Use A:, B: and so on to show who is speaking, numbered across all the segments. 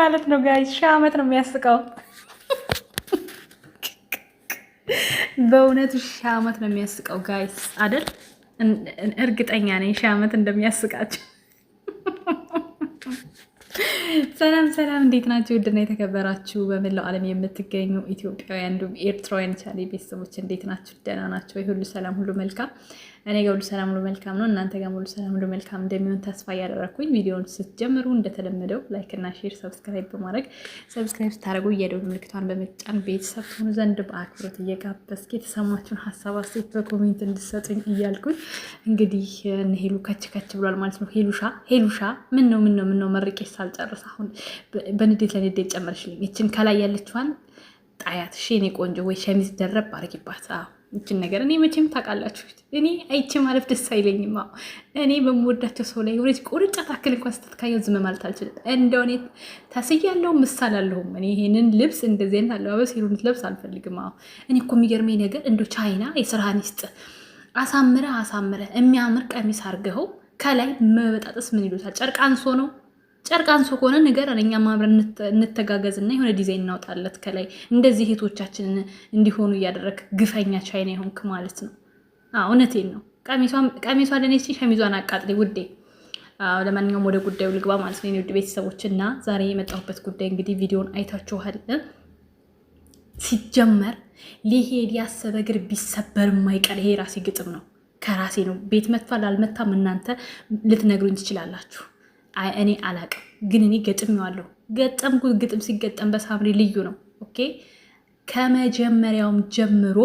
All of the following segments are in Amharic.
A: ማለት ነው ጋይ ሺህ ዓመት ነው የሚያስቀው። በእውነት ሺህ ዓመት ነው የሚያስቀው ጋይስ አይደል? እርግጠኛ ነኝ ሺህ ዓመት እንደሚያስቃቸው ሰላም ሰላም፣ እንዴት ናችሁ? ውድና የተከበራችሁ በመላው ዓለም የምትገኙ ኢትዮጵያውያን እንዲሁም ኤርትራውያን ቻሌ ቤተሰቦች እንዴት ናችሁ? ደህና ናቸው? ሁሉ ሰላም፣ ሁሉ መልካም። እኔ ጋር ሁሉ ሰላም፣ ሁሉ መልካም ነው። እናንተ ጋር ሁሉ ሰላም፣ ሁሉ መልካም እንደሚሆን ተስፋ እያደረግኩኝ ቪዲዮውን ስትጀምሩ እንደተለመደው ላይክና ሼር፣ ሰብስክራይብ በማድረግ ሰብስክራይብ ስታደርጉ የደወል ምልክቷን በመጫን ቤተሰብ ትሆኑ ዘንድ በአክብሮት እየጋበዝኩ የተሰማችሁን ሀሳብ አስተያየት በኮሜንት እንድሰጡኝ እያልኩኝ እንግዲህ ሄሉ ከች ከች ብሏል ማለት ነው። ሄሉሻ ሄሉሻ፣ ምን ነው ምን ነው ምን ነው መርቄ ሳልጨርስ አሁን በንዴት ለንዴት ጨመርሽልኝ። ይችን ከላይ ያለችዋን ጣያት እሺ፣ ቆንጆ ወይ ሸሚዝ ደረብ አድርጊባት። ይችን ነገር እኔ መቼም ታውቃላችሁ፣ እኔ አይቼ ማለፍ ደስ አይለኝም። እኔ በምወዳቸው ሰው ላይ የሆነች ቁርጫ ታክል እንኳን ስተት ካየሁ ዝም ማለት አልችልም። እንደው እኔ ታስያለሁ ምሳላለሁም እኔ ይሄንን ልብስ እንደዚህ አይነት አለባበስ ሄሩን ልብስ አልፈልግም። እኔ እኮ የሚገርመኝ ነገር እንደ ቻይና የስራህን ይስጥ አሳምረህ አሳምረህ የሚያምር ቀሚስ አርገኸው ከላይ መበጣጠስ ምን ይሉታል? ጨርቅ አንሶ ነው ጨርቃን ሱቆን ነገር እኛ ማምረ እንተጋገዝና የሆነ ዲዛይን እናውጣለት ከላይ እንደዚህ ሄቶቻችንን እንዲሆኑ እያደረግ ግፈኛ ቻይና የሆንክ ማለት ነው። እውነቴን ነው። ቀሚሷ ለኔ ስ ሸሚዟን አቃጥሌ ውዴ። ለማንኛውም ወደ ጉዳዩ ልግባ ማለት ነው ውድ ቤተሰቦች እና ዛሬ የመጣሁበት ጉዳይ እንግዲህ ቪዲዮን አይታችኋል። ሲጀመር ሊሄድ ያሰበ እግር ቢሰበር የማይቀር ይሄ ራሴ ግጥም ነው። ከራሴ ነው። ቤት መጥቷል አልመታም እናንተ ልትነግሩኝ ትችላላችሁ። እኔ አላቅም፣ ግን እኔ ገጥሜዋለሁ። ገጠምኩ። ግጥም ሲገጠም በሳምሪ ልዩ ነው። ኦኬ ከመጀመሪያውም ጀምሮ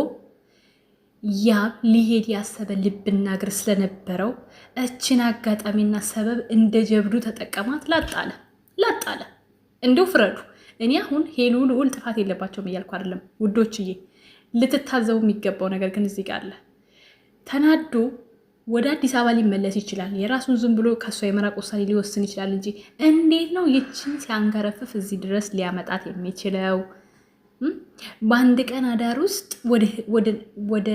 A: ያ ሊሄድ ያሰበ ልብና እግር ስለነበረው እችን አጋጣሚና ሰበብ እንደ ጀብዱ ተጠቀማት። ላጣለ ላጣለ እንዲሁ ፍረዱ። እኔ አሁን ሄሉ ልዑል ጥፋት የለባቸውም እያልኩ አይደለም ውዶችዬ፣ ልትታዘቡ የሚገባው ነገር ግን እዚህ ጋር አለ። ተናዶ ወደ አዲስ አበባ ሊመለስ ይችላል። የራሱን ዝም ብሎ ከእሷ የመራቅ ውሳኔ ሊወስን ይችላል እንጂ እንዴት ነው ይችን ሲያንገረፍፍ እዚህ ድረስ ሊያመጣት የሚችለው? በአንድ ቀን አዳር ውስጥ ወደ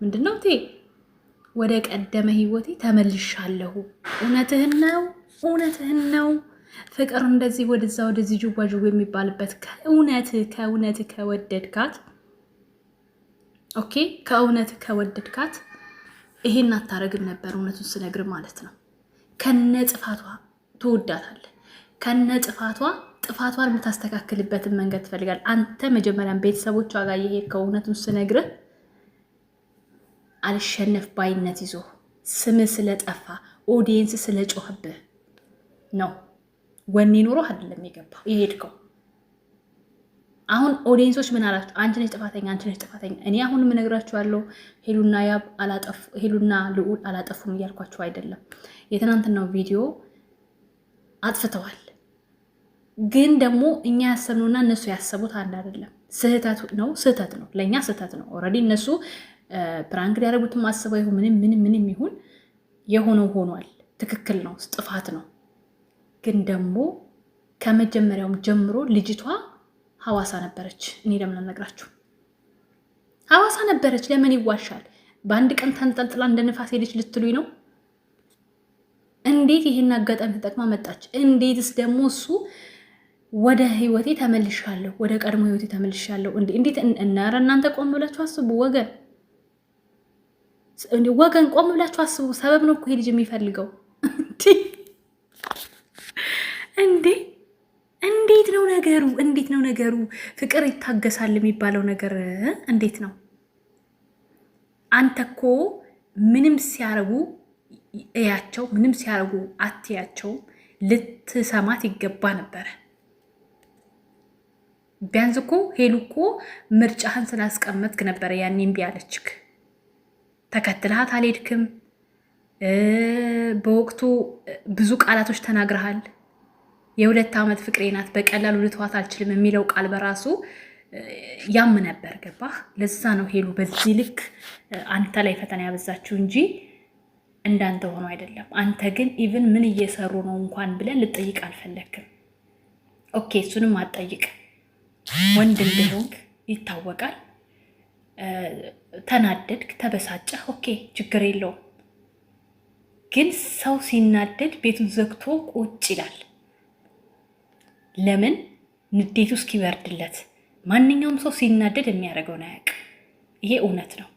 A: ምንድነው ቴ ወደ ቀደመ ህይወቴ ተመልሻለሁ። እውነትህን ነው፣ እውነትህን ነው። ፍቅር እንደዚህ ወደዛ ወደዚህ ጅዋጅው የሚባልበት ከእውነት ከእውነት ከወደድካት ኦኬ፣ ከእውነት ከወደድካት ይሄን አታረግም ነበር። እውነቱን ስነግር ማለት ነው። ከነ ጥፋቷ ትወዳታለ ከነ ጥፋቷ ጥፋቷን የምታስተካክልበትን መንገድ ትፈልጋል። አንተ መጀመሪያም ቤተሰቦቿ ጋር የሄድከው እውነቱን ስነግር አልሸነፍ ባይነት ይዞ ስምህ ስለጠፋ ኦዲየንስ ስለጮህብህ ነው። ወኔ ኑሮ አይደለም የገባ የሄድከው አሁን ኦዲየንሶች ምን አላቸው? አንቺ ነሽ ጥፋተኛ፣ አንቺ ነሽ ጥፋተኛ። እኔ አሁን የምነግራችኋለሁ ሄሉና ያብ አላጠፉ ሄሉና ልዑል አላጠፉም እያልኳቸው አይደለም። የትናንትናው ቪዲዮ አጥፍተዋል፣ ግን ደግሞ እኛ ያሰብነውና እነሱ ያሰቡት አንድ አይደለም። ስህተት ነው፣ ስህተት ነው፣ ለእኛ ስህተት ነው። ኦልሬዲ እነሱ ፕራንክ ሊያደርጉትም አስበው ይሁን ምንም ምንም ምንም ይሁን የሆነው ሆኗል። ትክክል ነው፣ ጥፋት ነው። ግን ደግሞ ከመጀመሪያውም ጀምሮ ልጅቷ ሐዋሳ ነበረች። እኔ ለምን አልነግራችሁ? ሐዋሳ ነበረች። ለምን ይዋሻል? በአንድ ቀን ተንጠልጥላ እንደ ንፋስ ሄደች ልትሉኝ ነው? እንዴት ይህን አጋጣሚ ተጠቅማ መጣች? እንዴትስ ደግሞ እሱ ወደ ህይወቴ ተመልሻለሁ፣ ወደ ቀድሞ ህይወቴ ተመልሻለሁ። እንዴት እናረ እናንተ ቆም ብላችሁ አስቡ ወገን፣ ወገን ቆም ብላችሁ አስቡ። ሰበብ ነው እኮ ይሄ ልጅ የሚፈልገው እንዴ እንዴት ነው ነገሩ? እንዴት ነው ነገሩ? ፍቅር ይታገሳል የሚባለው ነገር እንዴት ነው? አንተ እኮ ምንም ሲያረጉ እያቸው፣ ምንም ሲያረጉ አትያቸውም። ልትሰማት ይገባ ነበረ። ቢያንስ እኮ ሄሉ እኮ ምርጫህን ስላስቀመጥክ ነበረ ያኔ እምቢ አለችክ። ተከትልሃት አልሄድክም። በወቅቱ ብዙ ቃላቶች ተናግረሃል። የሁለት ዓመት ፍቅሬ ናት በቀላሉ ልተዋት አልችልም የሚለው ቃል በራሱ ያም ነበር። ገባህ? ለዛ ነው ሄሉ በዚህ ልክ አንተ ላይ ፈተና ያበዛችው እንጂ እንዳንተ ሆኖ አይደለም። አንተ ግን ኢቭን ምን እየሰሩ ነው እንኳን ብለን ልጠይቅ አልፈለግም። ኦኬ፣ እሱንም አጠይቅ ወንድ እንደሆንክ ይታወቃል። ተናደድክ፣ ተበሳጨ ኦኬ፣ ችግር የለውም። ግን ሰው ሲናደድ ቤቱን ዘግቶ ቁጭ ይላል። ለምን ንዴቱ እስኪበርድለት። ማንኛውም ሰው ሲናደድ የሚያደርገውን አያውቅ። ይሄ እውነት ነው።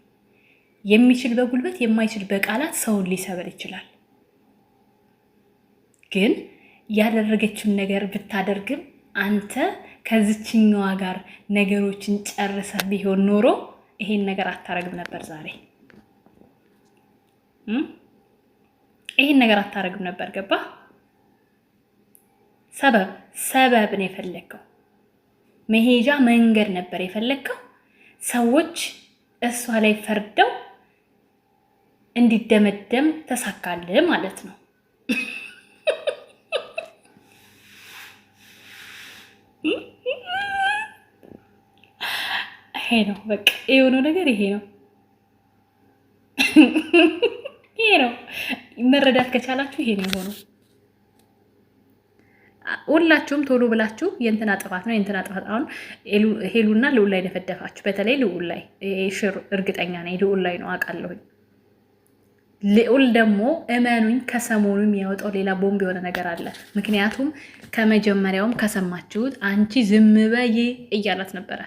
A: የሚችል በጉልበት የማይችል በቃላት ሰውን ሊሰበር ይችላል። ግን ያደረገችውን ነገር ብታደርግም አንተ ከዝችኛዋ ጋር ነገሮችን ጨርሰህ ቢሆን ኖሮ ይሄን ነገር አታረግም ነበር። ዛሬ ይሄን ነገር አታረግም ነበር። ገባ ሰበብ ሰበብ ነው የፈለግከው። መሄጃ መንገድ ነበር የፈለግከው። ሰዎች እሷ ላይ ፈርደው እንዲደመደም ተሳካልህ ማለት ነው። ይሄ ነው በቃ የሆነው ነገር ይሄ ነው ይሄ ነው። መረዳት ከቻላችሁ ይሄ ነው የሆነው። ሁላችሁም ቶሎ ብላችሁ የእንትና ጥፋት ነው የእንትና ጥፋት አሁን ሄሉና ልዑል ላይ ደፈደፋችሁ። በተለይ ልዑል ላይ ሽር እርግጠኛ ነኝ ልዑል ላይ ነው አውቃለሁኝ። ልዑል ደግሞ እመኑኝ ከሰሞኑ የሚያወጣው ሌላ ቦምብ የሆነ ነገር አለ። ምክንያቱም ከመጀመሪያውም ከሰማችሁት አንቺ ዝም በይ እያላት ነበረ።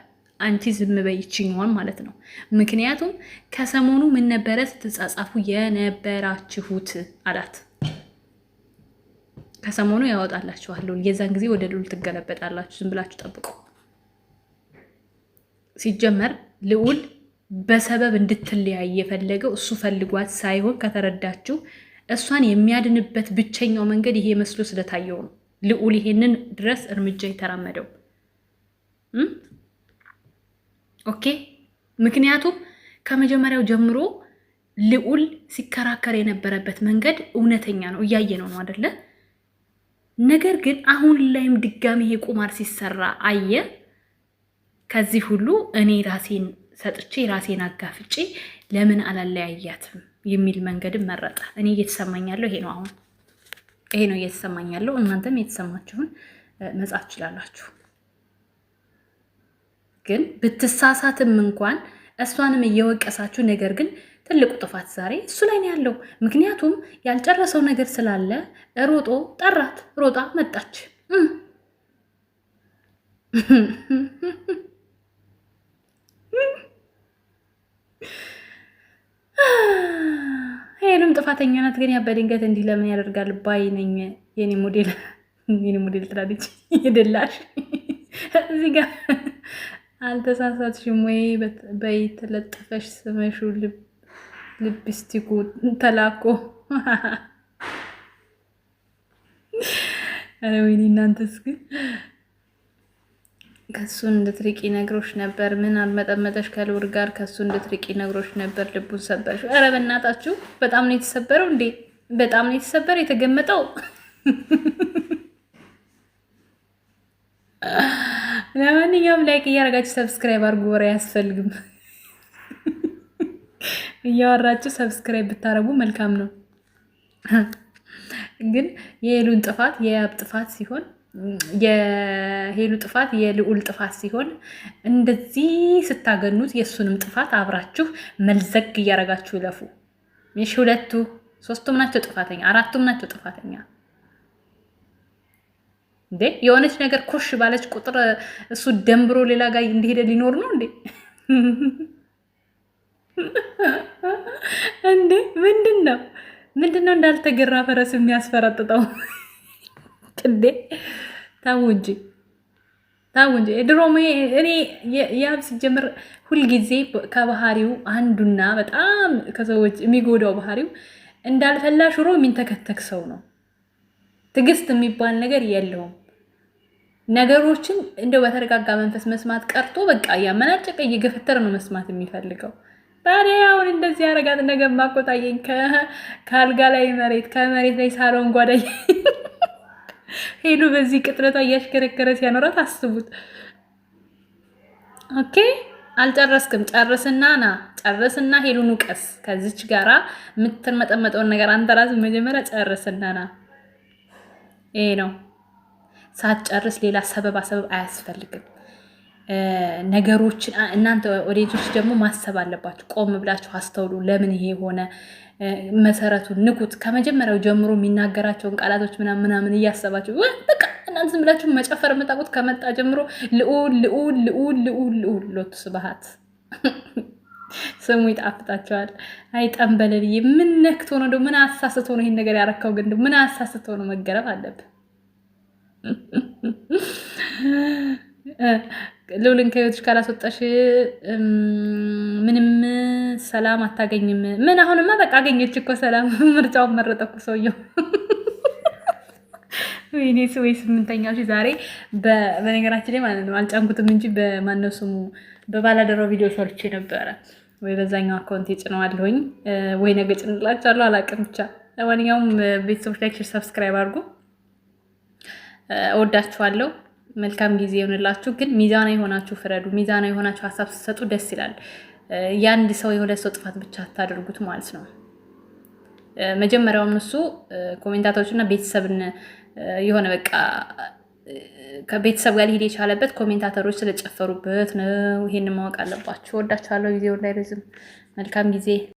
A: አንቺ ዝም በይ ይችኛዋን ማለት ነው። ምክንያቱም ከሰሞኑ ምን ነበረ ስትጻጻፉ የነበራችሁት አላት። ከሰሞኑ ያወጣላችኋል። የዛን ጊዜ ወደ ልዑል ትገለበጣላችሁ። ዝም ብላችሁ ጠብቁ። ሲጀመር ልዑል በሰበብ እንድትለያይ የፈለገው እሱ ፈልጓት ሳይሆን ከተረዳችሁ እሷን የሚያድንበት ብቸኛው መንገድ ይሄ መስሎ ስለታየው ነው። ልዑል ይሄንን ድረስ እርምጃ የተራመደው ኦኬ። ምክንያቱም ከመጀመሪያው ጀምሮ ልዑል ሲከራከር የነበረበት መንገድ እውነተኛ ነው፣ እያየ ነው ነው አደለን? ነገር ግን አሁን ላይም ድጋሚ ይሄ ቁማር ሲሰራ አየ። ከዚህ ሁሉ እኔ ራሴን ሰጥቼ ራሴን አጋፍጬ ለምን አላለያያትም የሚል መንገድም መረጠ። እኔ እየተሰማኛለሁ ይሄ ነው። አሁን ይሄ ነው እየተሰማኛለሁ። እናንተም የተሰማችሁን መጻፍ ችላላችሁ ግን ብትሳሳትም እንኳን እሷንም እየወቀሳችሁ ነገር ግን ትልቁ ጥፋት ዛሬ እሱ ላይ ነው ያለው። ምክንያቱም ያልጨረሰው ነገር ስላለ ሮጦ ጠራት፣ ሮጣ መጣች። ሄሉም ጥፋተኛ ናት፣ ግን ያበ ድንገት እንዲህ ለምን ያደርጋል ባይ ነኝ። የኔ ሞዴል የኔ ሞዴል ትላለች የደላሽ እዚህ ጋር አልተሳሳትሽም ወይ በይ ተለጥፈሽ ስመሹ ልብ ልብስቲኩ ተላኮ ኧረ ወይኔ እናንተስ ግን ከሱን እንድትርቂ ነግሮሽ ነበር። ምን አልመጠመጠሽ? ከልውር ጋር ከሱ እንድትርቂ ነግሮች ነበር። ልቡን ሰበርሽ። ኧረ በእናታችሁ በጣም ነው የተሰበረው እንዴ! በጣም ነው የተሰበረ የተገመጠው። ለማንኛውም ላይክ እያደረጋችሁ ሰብስክራይብ አድርጉ። ወሬ አያስፈልግም። እያወራችሁ ሰብስክራይብ ብታረጉ መልካም ነው። ግን የሄሉን ጥፋት የያብ ጥፋት ሲሆን የሄሉ ጥፋት የልዑል ጥፋት ሲሆን እንደዚህ ስታገኑት የእሱንም ጥፋት አብራችሁ መልዘግ እያደረጋችሁ ይለፉ። ሽ ሁለቱ ሶስቱም ናቸው ጥፋተኛ፣ አራቱም ናቸው ጥፋተኛ። እንዴ የሆነች ነገር ኮሽ ባለች ቁጥር እሱ ደንብሮ ሌላ ጋር እንደሄደ ሊኖር ነው እንዴ? እንዴ ምንድን ነው ምንድን ነው እንዳልተገራ ፈረስ የሚያስፈረጥጠው? እንዴ ታው እንጂ ታው እንጂ ድሮ እኔ ያብ ሲጀምር ሁልጊዜ ከባህሪው አንዱና በጣም ከሰዎች የሚጎዳው ባህሪው እንዳልፈላ ሽሮ የሚንተከተክ ሰው ነው። ትዕግስት የሚባል ነገር የለውም። ነገሮችን እንደው በተረጋጋ መንፈስ መስማት ቀርቶ በቃ እያመናጨቀ እየገፈተረ ነው መስማት የሚፈልገው። ታዲያ አሁን እንደዚህ ያረጋት ነገማ እኮ ታየኝ። ከአልጋ ላይ መሬት ከመሬት ላይ ሳሎን ጓዳኝ ሄዱ። በዚህ ቅጥረቷ እያሽከረከረ ሲያኖራት አስቡት። ኦኬ አልጨረስክም፣ ጨርስና ና ጨርስና ሄሉ ንቀስ። ከዚች ጋራ የምትመጠመጠውን ነገር አንተ ራስህ መጀመሪያ ጨርስና ና። ይሄ ነው። ሳትጨርስ ሌላ ሰበብ አሰበብ አያስፈልግም። ነገሮችን እናንተ ኦዲየንሶች ደግሞ ማሰብ አለባችሁ። ቆም ብላችሁ አስተውሉ። ለምን ይሄ የሆነ መሰረቱን ንቁት። ከመጀመሪያው ጀምሮ የሚናገራቸውን ቃላቶች ምናምን ምናምን እያሰባችሁ በቃ እናንተ ዝም ብላችሁ መጨፈር የምታውቁት ከመጣ ጀምሮ ልዑል ልዑል ልዑል ልዑል ልዑል ሎቱ ስብሐት ስሙ ይጣፍጣቸዋል። አይ ጠንበለልዬ፣ ምን ነክቶ ነው ምን አሳስቶ ነው ይህን ነገር ያረካው? ግን ምን አሳስቶ ነው? መገረፍ አለብን። ልውልን ከቤቶች ካላስወጣሽ ምንም ሰላም አታገኝም። ምን አሁንማ በቃ አገኘች እኮ ሰላም። ምርጫውን መረጠኩ ሰውየው። ወይኔ ወይ ስምንተኛው ሺ ዛሬ በነገራችን ላይ ማለት ነው አልጫንኩትም እንጂ በማነው ስሙ በባላደራው ቪዲዮ ሰርቼ ነበረ። ወይ በዛኛው አካውንት የጭነዋለሁኝ ወይ ነገ ጭንላችኋለሁ፣ አላውቅም። ብቻ ለማንኛውም ቤተሰቦች ላይክ፣ ሰብስክራይብ አድርጉ። እወዳችኋለሁ። መልካም ጊዜ የሆንላችሁ። ግን ሚዛና የሆናችሁ ፍረዱ። ሚዛና የሆናችሁ ሀሳብ ስትሰጡ ደስ ይላል። የአንድ ሰው የሁለት ሰው ጥፋት ብቻ አታደርጉት ማለት ነው። መጀመሪያውም እሱ ኮሜንታቶች እና ቤተሰብን የሆነ በቃ ከቤተሰብ ጋር ሊሄድ የቻለበት ኮሜንታተሮች ስለጨፈሩበት ነው። ይሄን ማወቅ አለባችሁ። ወዳችኋለሁ። ጊዜው እንዳይረዝም መልካም ጊዜ